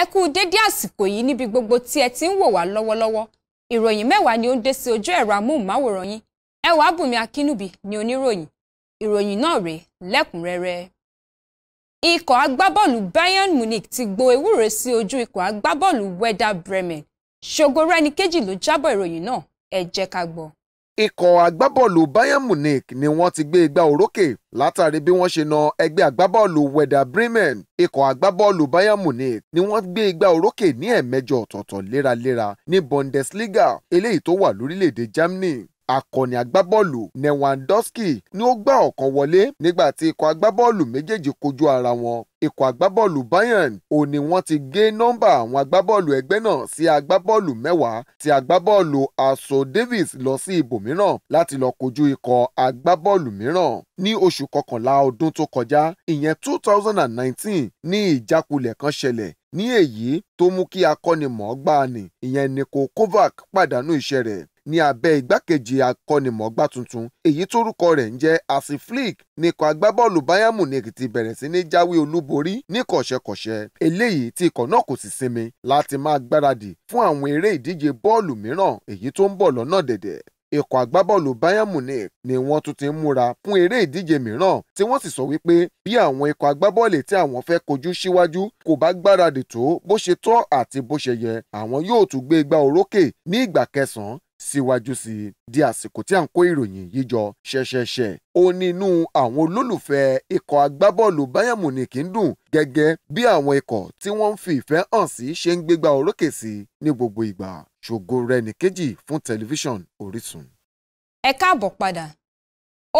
ẹ kú dédé àsìkò yìí níbi gbogbo tí ẹ ti ń wò wá lọ́wọ́lọ́wọ́ ìròyìn mẹ́wàá ni ó ń dé sí ojú ẹ̀rọ amóhùnmáwòrán yín ẹwà bùnmi akínúbí ni oníròyìn ìròyìn náà rèé lẹ́kùnrẹ́rẹ́ ikọ̀ agbábọ́ọ̀lù Bayern Munich ti gbo ewúro sí ojú ikọ̀ agbábọ́ọ̀lù Werder Bremen ṣògo rẹ́ni kejì ló jábọ̀ ìròyìn náà ẹ jẹ́ ká gbọ́ ikọ̀ agbábọ́ọ̀lù Bayern Munich ni wọ́n ti gbé igbá orókè látàrí bí wọ́n ṣe na ẹgbẹ́ agbábọ́ọ̀lù Werder Bremen ikọ̀ agbábọ́ọ̀lù Bayern Munich ni wọ́n gbé igbá orókè ní ẹ̀mẹjọ ọ̀tọ̀ọ̀tọ̀ léraléra ní Bundesliga eléyìí tó wà lórílẹ̀‐èdè Germany akọni agbábọ́ọ̀lù Lewandowski ni ó gbá ọ̀kan wọlé nígbà tí ikọ̀ agbábọ́ọ̀lù méjèèjì kojú ara wọn ikọ̀ agbábọ́ọ̀lù Bayern ò ní wọ́n ti gé nọ́mbà àwọn agbábọ́ọ̀lù ẹgbẹ́ náà sí agbábọ́ọ̀lù mẹ́wàá tí agbábọ́ọ̀lù aso Davis lọ sí ibòmíràn láti lọ kojú ikọ̀ agbábọ́ọ̀lù mìíràn ní oṣù kọkànlá ọdún tó kọjá ìyẹn 2019 ní ìjákulẹ̀ kan ṣẹlẹ̀ ní èyí tó mú kí akọ́nimọ̀ọ́gbá ni ìyẹn Niko Kovac pàdánù iṣẹ́ rẹ̀ ní abẹ́ igbákejì akọ́nimọ̀ọ́gbá tuntun èyí tórúkọ rẹ̀ ń jẹ́ Hansi Flick níkọ̀ agbábọ́ọ̀lù Bayern Munich ti bẹ̀rẹ̀ sí ní jáwé olúborí ní kọ̀ṣẹ̀kọ̀ṣẹ̀ eléyìí tí ikọ̀ náà kò sì sinmi láti máa gbáradì fún àwọn eré ìdíje bọ́ọ̀lù mìíràn èyí tó ń bọ̀ lọ́nà dẹ̀dẹ̀ ikọ̀ agbábọ́ọ̀lù Bayern Munich ni wọ́n tún ti ń múra fún eré ìdíje mìíràn tí wọ́n sì sọ wípé bí àwọn ikọ̀ agbábọ́ọ̀lù tí àwọn fẹ́ kojú síwájú kò bá gbáradì tó bó ṣe tọ́ àti bó ṣe yẹ àwọn yóò tún gbé igbá orókè ní ìgbà kẹsàn-án síwájú sí i di àsìkò tí à ń kó ìròyìn yìí jọ ṣẹ̀ṣẹ̀ṣẹ̀ ó ní inú àwọn olólùfẹ́ ikọ̀ agbábọ́ọ̀lù Bayern Munich ń dùn gẹ́gẹ́ bí àwọn ikọ̀ tí wọ́n ń fi ìfẹ́ hàn sí ṣe ń gbégbá orókè sí ní gbogbo ìgbà ṣògo rẹ̀ nìkejì fún tẹlifíṣàn Orísun. ẹ káàbọ̀ padà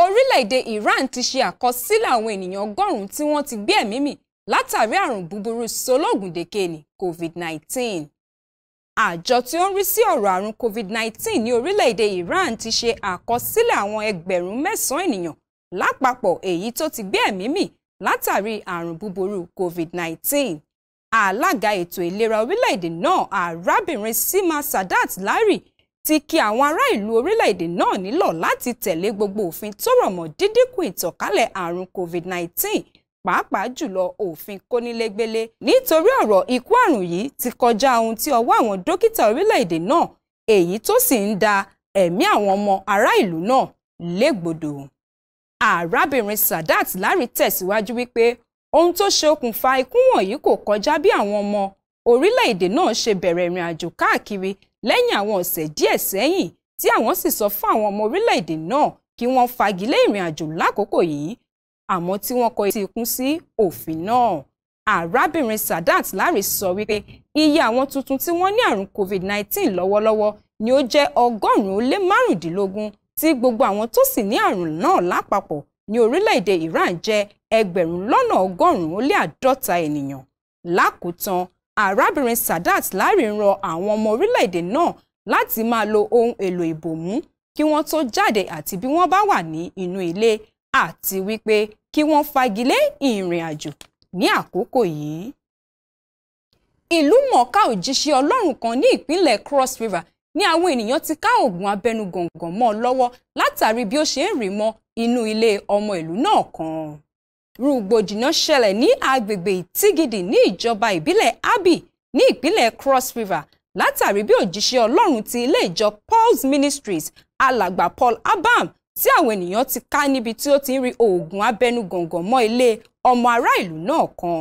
orílẹ̀-èdè Iran ti ṣe àkọsílẹ̀ àwọn ènìyàn ọgọ́rùn-ún tí wọ́n ti gbé ẹ̀mí mì látàrí àrùn búburú sológùndékè ní COVID-19 àjọ tí ó ń rí sí ọ̀rọ̀ àrùn covid-19 ní orílẹ̀-èdè Iran ti ṣe àkọsílẹ̀ àwọn ẹgbẹ̀rún mẹ́sàn-án ènìyàn lápapọ̀ èyí tó ti gbé ẹ̀mí mì látàrí àrùn búburú covid-19 alága ètò ìlera orílẹ̀-èdè náà arábìnrin Sima Sadat Lari ti kí àwọn ará ìlú orílẹ̀-èdè náà nílò láti tẹ̀lé gbogbo òfin tó rọ̀ mọ́ dídínkù ìtànkálẹ̀ àrùn covid-19 pàápàá jùlọ òfin kónílégbélé nítorí ọ̀rọ̀ ikú àrùn yìí ti kọjá ohun tí ọwọ́ àwọn dókítà orílẹ̀-èdè náà èyí tó sì ń da ẹ̀mí àwọn ọmọ ará ìlú náà légbodò arábìnrin Sadat Lárì tẹ̀síwájú wípé ohun tó ṣe okùnfà ikú wọ̀nyí kò kọjá bí àwọn ọmọ orílẹ̀-èdè náà ṣe bẹ̀rẹ̀ ìrìn àjò káàkiri lẹ́yìn àwọn ọ̀sẹ̀ díẹ̀ sẹ́yìn tí àwọn sì sọ fún àwọn ọmọ orílẹ̀-èdè náà kí wọ́n fagilé ìrìn àjò lákòókò yìí àmọ́ tí wọ́n kọ etí ikún sí òfin náà. Arábìnrin Sadat Lari sọ wípé iye àwọn tuntun tí wọ́n ní àrùn COVID-19 lọ́wọ́lọ́wọ́ ni ó jẹ́ ọgọ́rùn-ún ó lé márùndínlógún tí gbogbo àwọn tó sì ní àrùn náà lápapọ̀ ní orílẹ̀-èdè Iran jẹ́ ẹgbẹ̀rún lọ́nà ọgọ́rùn-ún ó lé àádọ́ta ènìyàn. Lákòótán arábìnrin Sadat Lari ń rọ àwọn ọmọ orílẹ̀-èdè náà láti máa lo ohun èlò ìbòmú kí wọ́n tó jáde àti bí wọ́n bá wà ní inú ilé àti wípé kí wọ́n fagilé ìrìn àjò ní àkókò yìí. ìlú mọ̀ọ́ká òjíṣẹ́ ọlọ́run kan ní ìpínlẹ̀ Cross River ní àwọn ènìyàn ti ká oògùn abẹnu gọ̀ǹgọ̀ mọ́ ọ lọ́wọ́ látàrí bí ó ṣe ń rì mọ́ inú ilé ọmọ ìlú náà kan. rúgbòdìyàn ṣẹlẹ̀ ní agbègbè ìtìgìdì ní ìjọba ìbílẹ̀ Abbey ní ìpínlẹ̀ Cross River látàrí bí òjíṣẹ́ ọlọ́run ti ilé ìjọ Paul's Ministries alàgbà Paul Abam tí àwọn ènìyàn ti ká níbi tí ó ti ń rí oògùn abẹnú gọ̀ǹgọ̀ mọ́ ilé ọmọ ará ìlú náà kan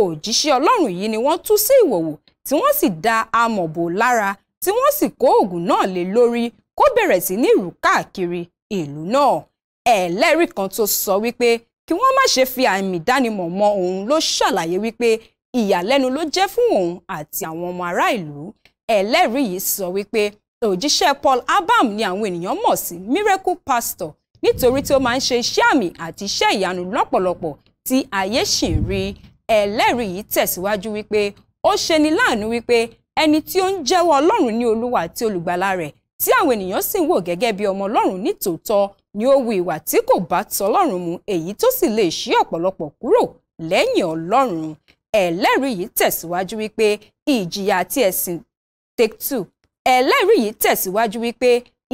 òjíṣẹ́ ọlọ́run yìí ni wọ́n tú sí ìwòwò tí wọ́n sì da amọ̀ bò lára tí wọ́n sì kó oògùn náà lé lórí kó bẹ̀rẹ̀ sí ní ìrù káàkiri ìlú náà ẹlẹ́rìí kan tó sọ wípé kí wọ́n má ṣe fi àmì ìdánimọ̀ mọ òun ló ṣàlàyé wípé ìyàlẹ́nu ló jẹ́ fún òun àti àwọn ọmọ ará ìlú ẹlẹ́rìí yìí sọ wípé òjíṣẹ́ Paul Abam ni àwọn ènìyàn mọ̀ sí miracle pastor nítorí tí ó máa ń ṣe iṣẹ́ àmì àti iṣẹ́ ìyanu lọ́pọ̀lọpọ̀ tí ayé sì ń rí ẹlẹ́rìí yìí tẹ̀síwájú wípé ó ṣeni láàánú wípé ẹni tí ó ń jẹ́wọ́ Ọlọ́run ní Olúwa àti olùgbàlà rẹ̀ tí àwọn ènìyàn sì ń wò gẹ́gẹ́ bí ọmọ Ọlọ́run nítòótọ́ ni ó wu ìwà tí kò bá tọlọ́run mu èyí tó sì lè ṣí ọ̀pọ̀lọpọ̀ kúrò lẹ́yìn Ọlọ́run ẹlẹ́rìí yìí tẹ̀síwájú wípé ìjìyà àti ẹ̀sìn take two ẹlẹ́rìí yìí tẹ̀síwájú wípé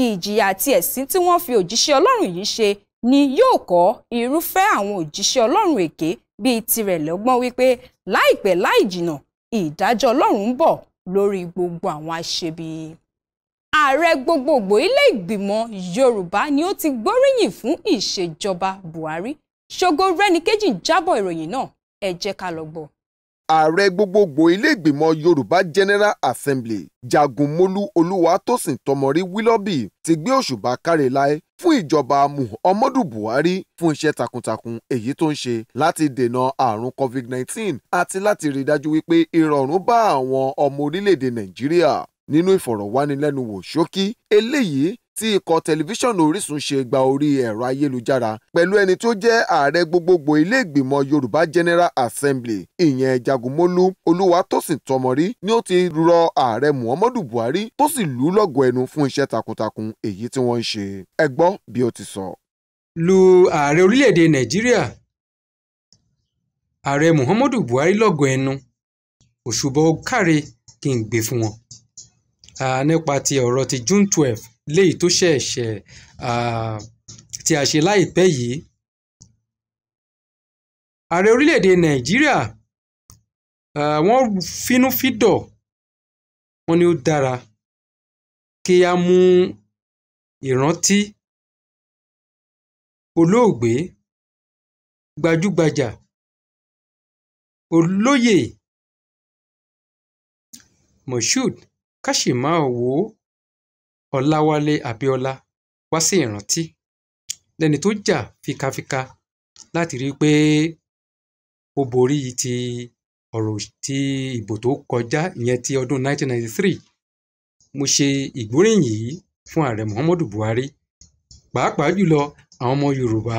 ìjìyà àti ẹ̀sín tí wọ́n fi òjíṣẹ́ ọlọ́run yìí ṣe ni yóò kọ́ irúfẹ́ àwọn òjíṣẹ́ ọlọ́run èké bíi tirẹ̀ lọ́gbọ́n wípé láìpẹ́ láì jìnà ìdájọ́ ọlọ́run ń bọ̀ lórí gbogbo àwọn aṣebi. ààrẹ gbogbogbò ilé ìgbìmọ̀ yorùbá ni ó ti gbóríyìn fún ìṣèjọba buhari ṣògo rẹ́nìkejì jábọ̀ ìròyìn náà ẹ jẹ́ ká lọ gbọ́ ààrẹ gbogbogbò iléègbìmọ̀ yorùbá general assembly jagunmólú olúwatósìn tọmọrí wílọ́bì ti gbé òṣùbà káre láé fún ìjọba muhammadu buhari fún iṣẹ́ takuntakun èyí tó ń ṣe láti dènà àrùn covid-19 àti láti rí i dájú wípé ìrọ̀rùn bá àwọn ọmọ orílẹ̀-èdè nàìjíríà nínú ìfọ̀rọ̀wánilẹ́nuwò ṣókí eléyìí tí ikọ̀ tẹlifíṣàn Orísun ṣe gba orí ẹ̀rọ ayélujára pẹ̀lú ẹni tó jẹ́ ààrẹ gbogbogbò ilé-ìgbìmọ̀ Yorùbá General Assembly ìyẹn Jagunmólú Olúwatósìn Tọmọrí ni ó ti rọ ààrẹ Muhammadu Buhari tó sì lù ú lọ́gọ̀ ẹnu fún iṣẹ́ takuntakun èyí tí wọ́n ń ṣe ẹ gbọ́ bí ó ti sọ. lu ààrẹ orílẹ̀-èdè Nàìjíríà ààrẹ Muhammadu Buhari lọ́gọ̀ ẹnu òṣùbọ̀ káre kí n gbé fún wọn uh, nípa ti ọ̀rọ̀ ti June twelve léyìí tó ṣẹ̀ṣẹ̀ uh, tí a ṣe láìpẹ́ yìí ààrẹ orílẹ̀-èdè Nàìjíríà uh, wọ́n fínúfíndọ̀ wọ́n ní ó dára kí a mú ìrántí olóògbé gbajúgbajà olóyè Moshood ká sì máa wo ọ̀làwálé abíọ́lá wá sí ìrántí lẹ́ni tó jà fikafika láti rí i pé ó borí ti ọ̀rọ̀ ti ìbò tó kọjá ìyẹn ti ọdún 1993 mo ṣe ìgbóríyìn yìí fún ààrẹ muhammadu buhari pàápàá jùlọ àwọn ọmọ yorùbá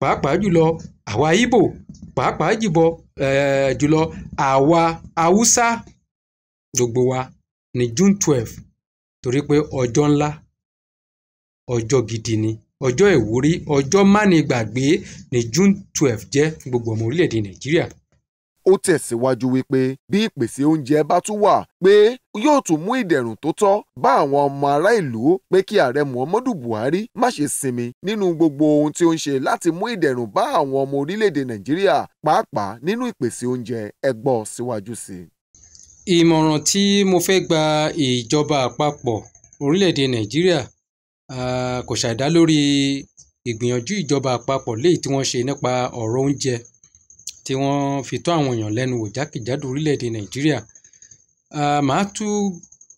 pàápàá jùlọ àwa ibo pàápàá jùbọ eh, jùlọ àwa haúsá gbogbo wa ní June twelve torí pé ọjọ́ ńlá ọjọ́ gidi ni ọjọ́ ìwúrí ọjọ́ mánigbàgbé ní June twelve jẹ́ fún gbogbo ọmọ orílẹ̀-èdè Nàìjíríà ó tẹ̀síwájú wípé bí ìpèsè oúnjẹ bá tún wà pé yóò tún mú ìdẹ̀rùn tó tọ́ bá àwọn ọmọ ará ìlú pé kí ààrẹ Muhammadu Buhari má ṣe sinmi nínú gbogbo ohun tí ó ń ṣe láti mú ìdẹ̀rùn bá àwọn ọmọ orílẹ̀-èdè Nàìjíríà pàápàá nínú ìpèsè oúnjẹ ẹ síwájú sí i. Ìmọ̀ràn tí mo fẹ́ gba ìjọba àpapọ̀ orílẹ̀-èdè Nàìjíríà um kò ṣàì dá lórí ìgbìyànjú ìjọba àpapọ̀ léyìí tí wọ́n ṣe nípa ọ̀rọ̀ oúnjẹ tí wọ́n fi tó àwọn èèyàn lẹ́nu wò jákèjádò orílẹ̀-èdè Nàìjíríà. um Màá tún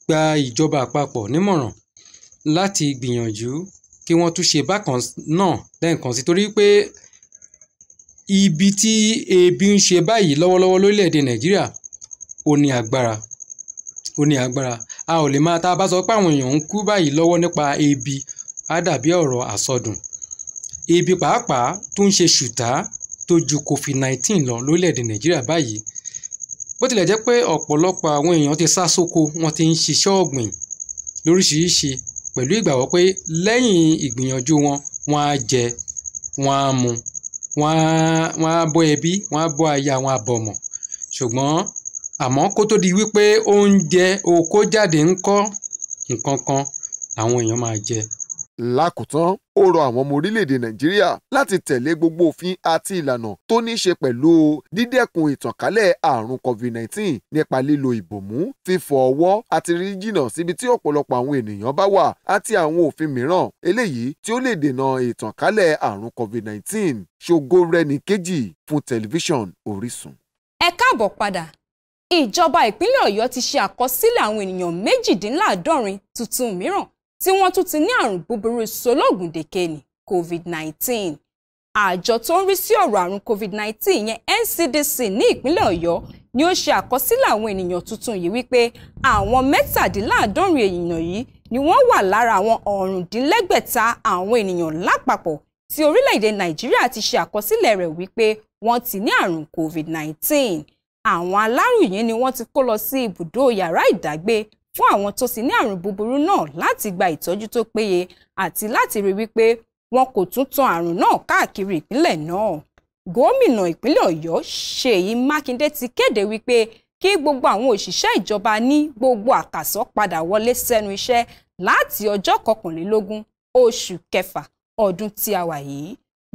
gba ìjọba àpapọ̀ nímọ̀ràn láti gbìyànjú kí wọ́n tún ṣe bákan náà lẹ́ẹ̀kan sí i torí pé ibi tí ebi ń ṣe báyìí lọ́wọ́lọ́wọ́ lórílẹ̀-èdè Nàìjíríà ó ní agbára ó ní agbára a ò lè máa tá a bá sọ pé àwọn èèyàn ń kú báyìí lọ́wọ́ nípa ebi á dàbí ọ̀rọ̀ àsọdùn ebi pàápàá tó ń ṣe ṣùtá tó ju covid-19 lọ lórílẹ̀‐èdè nàìjíríà báyìí bó tilẹ̀ jẹ́ pé ọ̀pọ̀lọpọ̀ àwọn èèyàn ti sá sóko wọ́n ti ń ṣiṣẹ́ ọ̀gbìn lóríṣiríṣi pẹ̀lú ìgbàgbọ́ pé lẹ́yìn ìgbìyànjú wọn wọ́n á jẹ wọ́n á mu wọ́n á bọ́ ẹbí wọ́n á bọ́ aya wọn á ṣùgbọ́n àmọ́ kó tó di wípé oúnjẹ oko jáde ńkọ́ nǹkan kan làwọn èèyàn máa jẹ. lákòótán ó rọ àwọn ọmọ orílẹ̀-èdè nàìjíríà láti tẹ̀lé gbogbo òfin àti ìlànà tó ní í ṣe pẹ̀lú dídẹ́kun ìtànkálẹ̀ àrùn covid-19 nípa lílo ìbòmú fífọ ọwọ́ àti rí jìnnà síbi tí ọ̀pọ̀lọpọ̀ àwọn ènìyàn bá wà àti àwọn òfin mìíràn eléyìí tí ó lè dènà ìtànkálẹ̀ àrùn covid-19 ṣògo rẹni kejì fún tẹlifíṣàn Orísun. ẹ káàbọ̀ padà ìjọba ìpínlẹ̀ ọ̀yọ́ ti ṣe àkọsílẹ̀ àwọn ènìyàn méjìdínláàádọ́rin tuntun mìíràn tí wọ́n tún ti ní àrùn búburú sológùndèkè ní covid-19 àjọ tó ń rí sí ọ̀rọ̀ àrùn covid-19 yẹn ncdc ní ìpínlẹ̀ ọ̀yọ́ ni ó ṣe àkọsílẹ̀ àwọn ènìyàn tuntun yìí wípé àwọn mẹ́tàdínláàádọ́rin ènìyàn yìí ni wọ́n wà lára àwọn ọ̀rùndínlẹ́gbẹ̀ta àwọn ènìyàn lápapọ̀ tí orílẹ̀-èdè nàìjíríà ti ṣe àkọsílẹ̀ rẹ̀ wípé wọ́n ti ní àrùn covid-19 àwọn aláròyé ni wọ́n ti kó lọ sí ibùdó yàrá ìdágbé fún àwọn tó ti ní àrùn búburú náà láti gba ìtọ́jú tó péye àti láti rí wípé wọn kò tún tan àrùn náà káàkiri ìpínlẹ̀ náà gómìnà ìpínlẹ̀ Ọ̀yọ́ Ṣèyí Mákindé ti kéde wípé kí gbogbo àwọn òṣìṣẹ́ ìjọba ní gbogbo àkàsọ́ padà wọlé sẹ́nu iṣẹ́ láti ọjọ́ kọkànlélógún oṣù kẹfà ọdún tí a wà yìí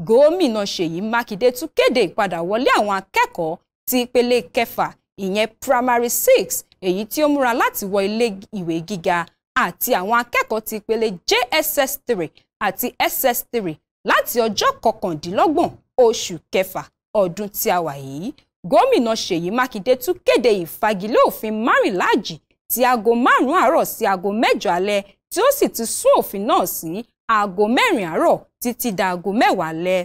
gómìnà Ṣèyí Mákindé tún kéde ìpadàwọlé àwọn akẹ́kọ̀ọ́ ti ìpele kẹfà ìyẹn primary six èyí tí ó múra láti wọ ilé ìwé gíga àti àwọn akẹ́kọ̀ọ́ ti ìpele JSS three àti SS three láti ọjọ́ kọkàndínlọ́gbọ̀n oṣù kẹfà ọdún tí a wà yìí gómìnà Ṣèyí Mákindé tún kéde ìfagilé òfin márìnláàjì ti aago márùn-ún àárọ̀ sí aago mẹ́jọ alẹ́ tí ó sì ti sún òfin náà sí aago mẹ́rin àárọ̀ títí da aago mẹ́wàá alẹ́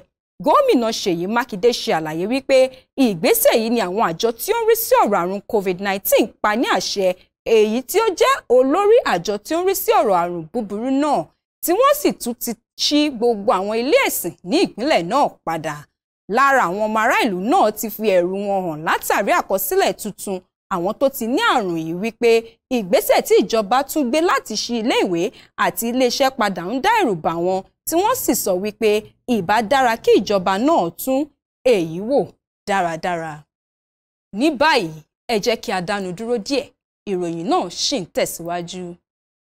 gómìnà Ṣèyí Mákindé ṣe àlàyé wípé ìgbésẹ̀ yìí ni àwọn àjọ tí ó ń rí sí ọ̀rọ̀ àrùn COVID-19 pa ní àṣẹ èyí tí ó jẹ́ olórí àjọ tí ó ń rí sí ọ̀rọ̀ àrùn búburú náà tí wọ́n sì tún ti ṣí gbogbo àwọn ilé ẹ̀sìn ní ìpínlẹ̀ náà padà lára àwọn ọmọ ará ìlú náà ti fi ẹ̀rù wọn hàn látàrí àkọsílẹ̀ tuntun àwọn tó ti ní àrùn yìí wípé ìgbésẹ̀ tí ìjọba tún gbé láti ṣí ilé ìwé àti iléeṣẹ́ padà ń dá ẹ̀rù bà wọ́n tí wọ́n sì sọ wípé ìbá dára kí ìjọba náà tún èyí wò dáradára. ní báyìí ẹ jẹ́ kí a dánu dúró díẹ̀ ìròyìn náà ṣì ń tẹ̀síwájú.